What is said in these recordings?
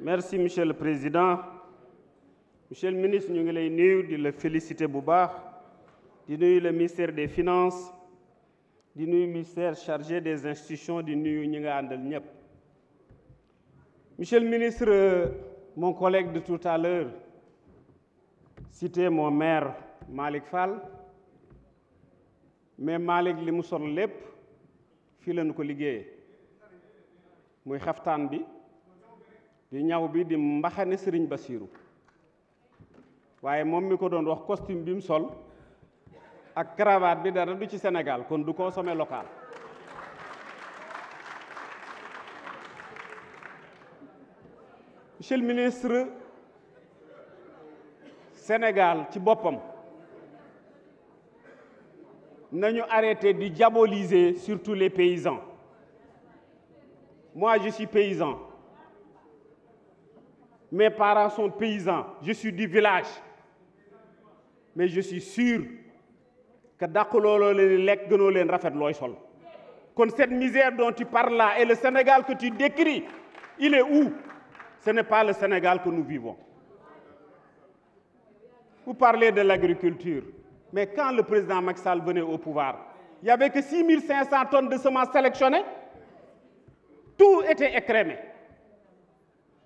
merci monsieur le président monsieur le ministre nous ngi lay Nous féliciter bu baax le ministère des finances Nous le ministère chargé des institutions de allons ñi monsieur le ministre mon collègue de tout à l'heure cité mon maire Malik Fall mais malik li mu sol de fii ko muy di ñaw bi di mbaxane serigne basirou. waaye moom mi ko doon wax costume bi mu sol ak cravate bi dara du ci Sénégal kon du consommé local monsieur le ministre Sénégal ci boppam nañu arrêté di diaboliser surtout les paysans moi je suis paysan mes parents sont paysans. Je suis du village. Mais je suis sûr que cette misère dont tu parles là et le Sénégal que tu décris, il est où Ce n'est pas le Sénégal que nous vivons. Vous parlez de l'agriculture, mais quand le président Macky venait au pouvoir, il n'y avait que 6500 tonnes de semences sélectionnées. Tout était écrémé.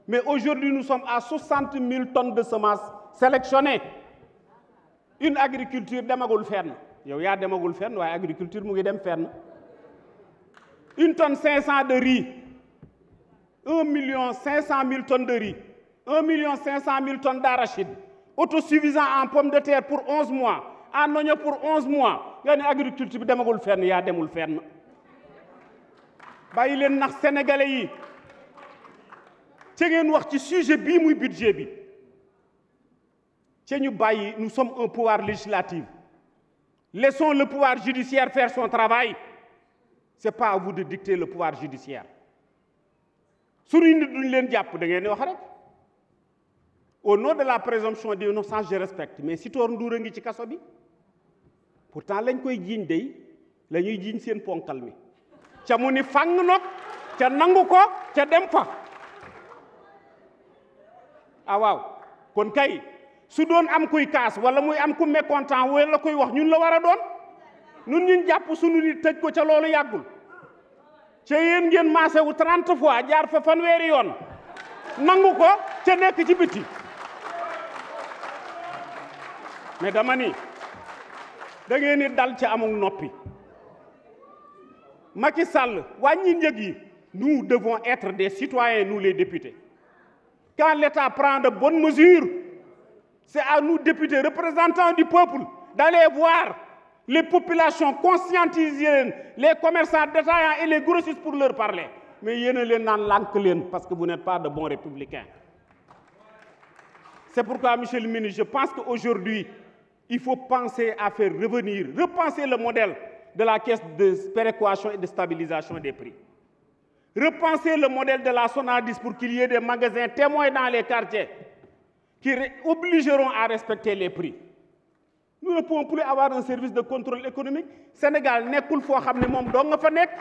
Mais aujourd'hui, nous sommes à 60 000 tonnes de semences sélectionnées. Une agriculture demagul Il yow a agriculture une tonne 500 de riz 1 million 500 000 tonnes de riz 1 million 500 000 tonnes d'arachide autosuffisant en pommes de terre pour 11 mois en oignon pour 11 mois Il y a une agriculture bi Il y a des Il y a sénégalais c'est ngeen wax ci sujet bii muy budget bi ca ñu bàyyi nous sommes un pouvoir législatif laissons le pouvoir judiciaire faire son travail c'est pas à vous de dicter le pouvoir judiciaire suñu nit duñ leen vous da ngeen di wax rek au nom de la présomption d'innocence je respecte mais si Ndour a ngi ci kaso bi pourtant lañ koy jiiñ dey la ñuy jiiñ seen ponkal mi ca mu fang nag ca nangu ko ca dem fa ah kon kay su doon am kuy kaas wala muy am ku mécontent wala kuy wax ñun la war a doon ñun ñun jàpp suñu nit tëj ko ca loolu yàggul ca yéen ngeen maase wu trent fois jaar fa fanweeri yoon nangu ko ca nekk ci biti mais dama ni da ngeen ni dal ci amul noppi Macky Sall wàññi njëg yi nous devons être des citoyens nu les députés Quand l'État prend de bonnes mesures, c'est à nous, députés, représentants du peuple, d'aller voir les populations, conscientisées, les commerçants détaillants et les grossistes pour leur parler. Mais ils ne parce que vous n'êtes pas de bons républicains. C'est pourquoi, M. le ministre, je pense qu'aujourd'hui, il faut penser à faire revenir, repenser le modèle de la caisse de péréquation et de stabilisation des prix. Repenser le modèle de la Sonadis pour qu'il y ait des magasins témoins dans les quartiers qui obligeront à respecter les prix. Nous ne pouvons plus avoir un service de contrôle économique. Sénégal n'est pas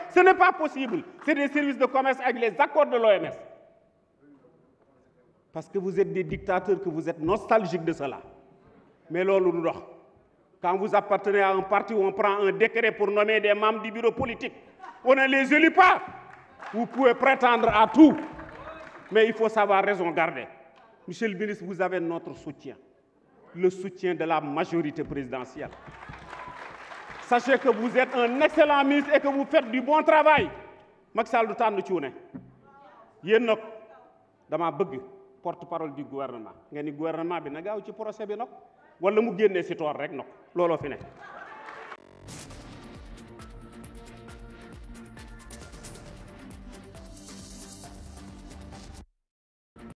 Ce n'est pas possible. C'est des services de commerce avec les accords de l'OMS. Parce que vous êtes des dictateurs, que vous êtes nostalgiques de cela. Mais quand vous appartenez à un parti, où on prend un décret pour nommer des membres du bureau politique. On ne les élit pas. Vous pouvez prétendre à tout, mais il faut savoir raison garder. Monsieur le ministre, vous avez notre soutien, le soutien de la majorité présidentielle. Sachez que vous êtes un excellent ministre et que vous faites du bon travail. Maxal Sall du porte-parole du gouvernement gouvernement